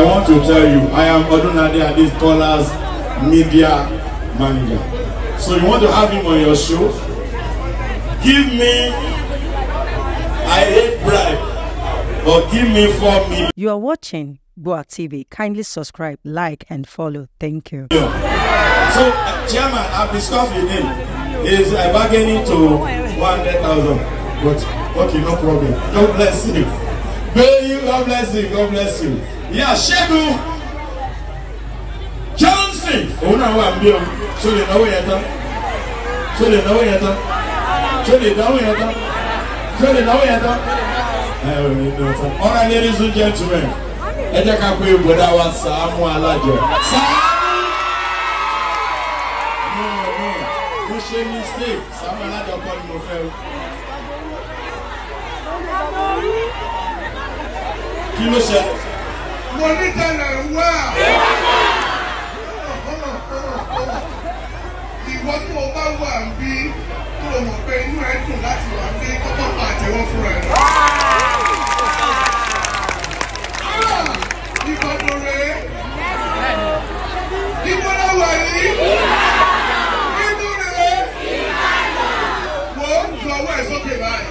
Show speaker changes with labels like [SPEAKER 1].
[SPEAKER 1] I want to tell you, I am Odunade Adekola's media manager. So you want to have him on your show? Give me, I hate bribe, but give me four million. You are watching Boa TV. Kindly subscribe, like, and follow. Thank you. So, uh, Chairman, I've discussed with him. He's uh, bargaining to 100,000. But, okay, no problem. God bless you. Pay you, God bless you, God bless you. Yeah, Ṣẹ́gun Johnson. Òun náà wà bí ọ, ṣó lè náwó yẹn tán? Ṣó lè náwó yẹn tán? Ṣó lè náwó yẹn tán? Ṣó ní lọ tán. Ọ̀rọ̀ ni ladies gentlemen, ẹ jẹ́ ká pé bọ̀dá wa Sàámú Alájọ. Sàámú! Mo mọ̀ mo ṣe mistake, Sàámú Alájọ kọ́ ni mo fẹ́ o kí ló ṣẹlẹ̀. mo ní tẹ̀lẹ̀ wá. ìwọ tí mo bá wà ń bí tó o mọ̀ pé inú ẹ dùn láti wà ní kọ́kọ́ pa àtẹ̀wọ́ fúnra ẹ̀. ìbọ̀dọ̀ rẹ̀ ìbọ̀dọ̀ wà yìí. Inú rẹ̀ wo lọ́wọ́ ẹ̀ sókè báyìí.